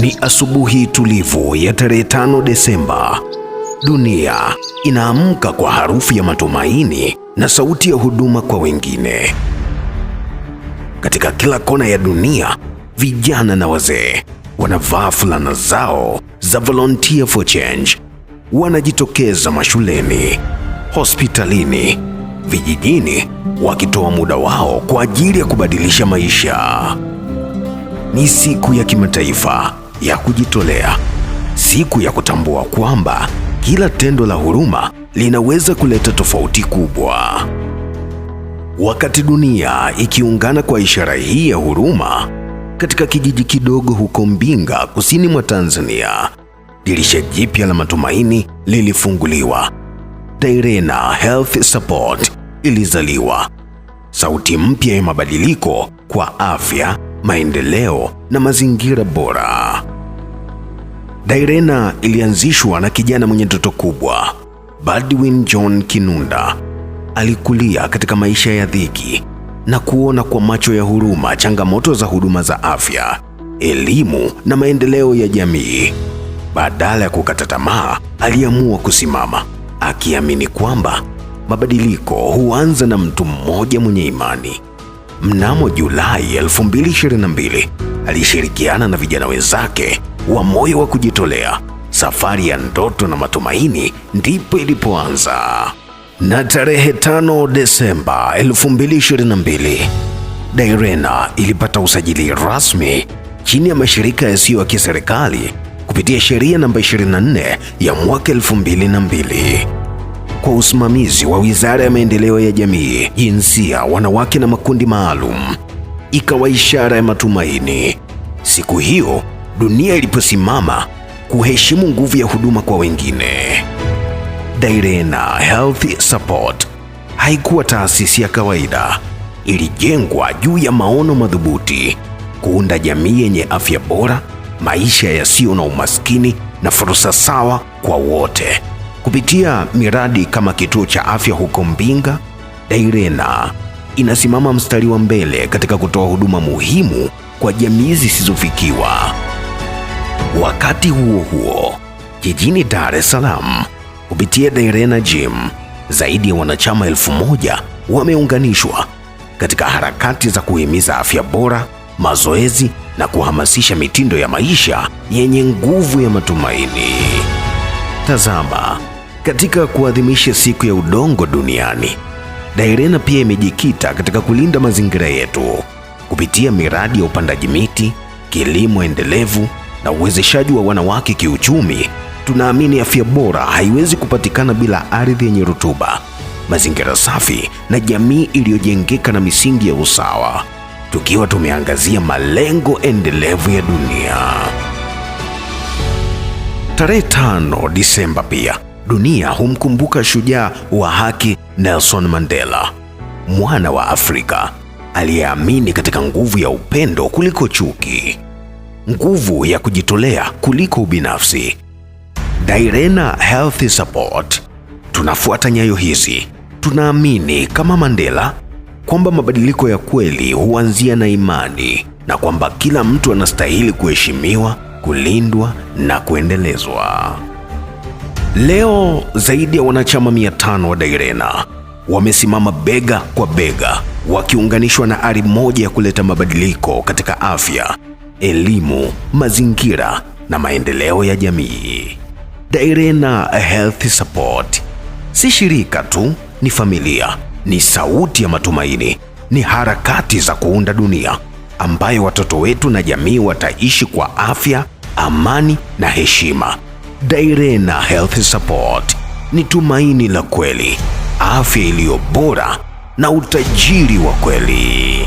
Ni asubuhi tulivu ya tarehe 5 Desemba. Dunia inaamka kwa harufu ya matumaini na sauti ya huduma kwa wengine. Katika kila kona ya dunia, vijana na wazee wanavaa fulana zao za Volunteer for Change. Wanajitokeza mashuleni, hospitalini, vijijini, wakitoa muda wao kwa ajili ya kubadilisha maisha. Ni siku ya kimataifa ya kujitolea, siku ya kutambua kwamba kila tendo la huruma linaweza kuleta tofauti kubwa. Wakati dunia ikiungana kwa ishara hii ya huruma katika kijiji kidogo huko Mbinga, kusini mwa Tanzania, dirisha jipya la matumaini lilifunguliwa. Dairena Health Support ilizaliwa, sauti mpya ya mabadiliko kwa afya, maendeleo na mazingira bora. Dairena ilianzishwa na kijana mwenye ndoto kubwa, badwin John Kinunda. Alikulia katika maisha ya dhiki na kuona kwa macho ya huruma changamoto za huduma za afya, elimu na maendeleo ya jamii. Badala ya kukata tamaa, aliamua kusimama, akiamini kwamba mabadiliko huanza na mtu mmoja mwenye imani. Mnamo Julai 2022 alishirikiana na vijana wenzake wa moyo wa kujitolea. Safari ya ndoto na matumaini ndipo ilipoanza. Na tarehe tano Desemba 2022 Dairena ilipata usajili rasmi chini ya mashirika yasiyo ya kiserikali kupitia sheria namba 24 ya mwaka 2002 kwa usimamizi wa Wizara ya Maendeleo ya Jamii, Jinsia, Wanawake na Makundi Maalum ikawa ishara ya matumaini. Siku hiyo dunia iliposimama kuheshimu nguvu ya huduma kwa wengine, Dairena Health Support haikuwa taasisi ya kawaida. Ilijengwa juu ya maono madhubuti, kuunda jamii yenye afya bora, maisha yasiyo na umaskini na fursa sawa kwa wote. Kupitia miradi kama kituo cha afya huko Mbinga, Dairena inasimama mstari wa mbele katika kutoa huduma muhimu kwa jamii zisizofikiwa. Wakati huo huo, jijini Dar es Salaam kupitia Dairena Gym, zaidi ya wanachama elfu moja wameunganishwa katika harakati za kuhimiza afya bora, mazoezi na kuhamasisha mitindo ya maisha yenye nguvu ya matumaini. Tazama katika kuadhimisha siku ya udongo duniani Dairena pia imejikita katika kulinda mazingira yetu kupitia miradi ya upandaji miti, kilimo endelevu na uwezeshaji wa wanawake kiuchumi. Tunaamini afya bora haiwezi kupatikana bila ardhi yenye rutuba, mazingira safi na jamii iliyojengeka na misingi ya usawa, tukiwa tumeangazia malengo endelevu ya dunia. Tarehe tano Disemba pia dunia humkumbuka shujaa wa haki Nelson Mandela, mwana wa Afrika aliyeamini katika nguvu ya upendo kuliko chuki, nguvu ya kujitolea kuliko ubinafsi. Dairena Health Support tunafuata nyayo hizi. Tunaamini kama Mandela kwamba mabadiliko ya kweli huanzia na imani na kwamba kila mtu anastahili kuheshimiwa, kulindwa na kuendelezwa. Leo zaidi ya wanachama 500 wa Dairena wamesimama bega kwa bega wakiunganishwa na ari moja ya kuleta mabadiliko katika afya, elimu, mazingira na maendeleo ya jamii. Dairena Health Support si shirika tu, ni familia, ni sauti ya matumaini, ni harakati za kuunda dunia ambayo watoto wetu na jamii wataishi kwa afya, amani na heshima. Dairena Health Support ni tumaini la kweli, afya iliyo bora na utajiri wa kweli.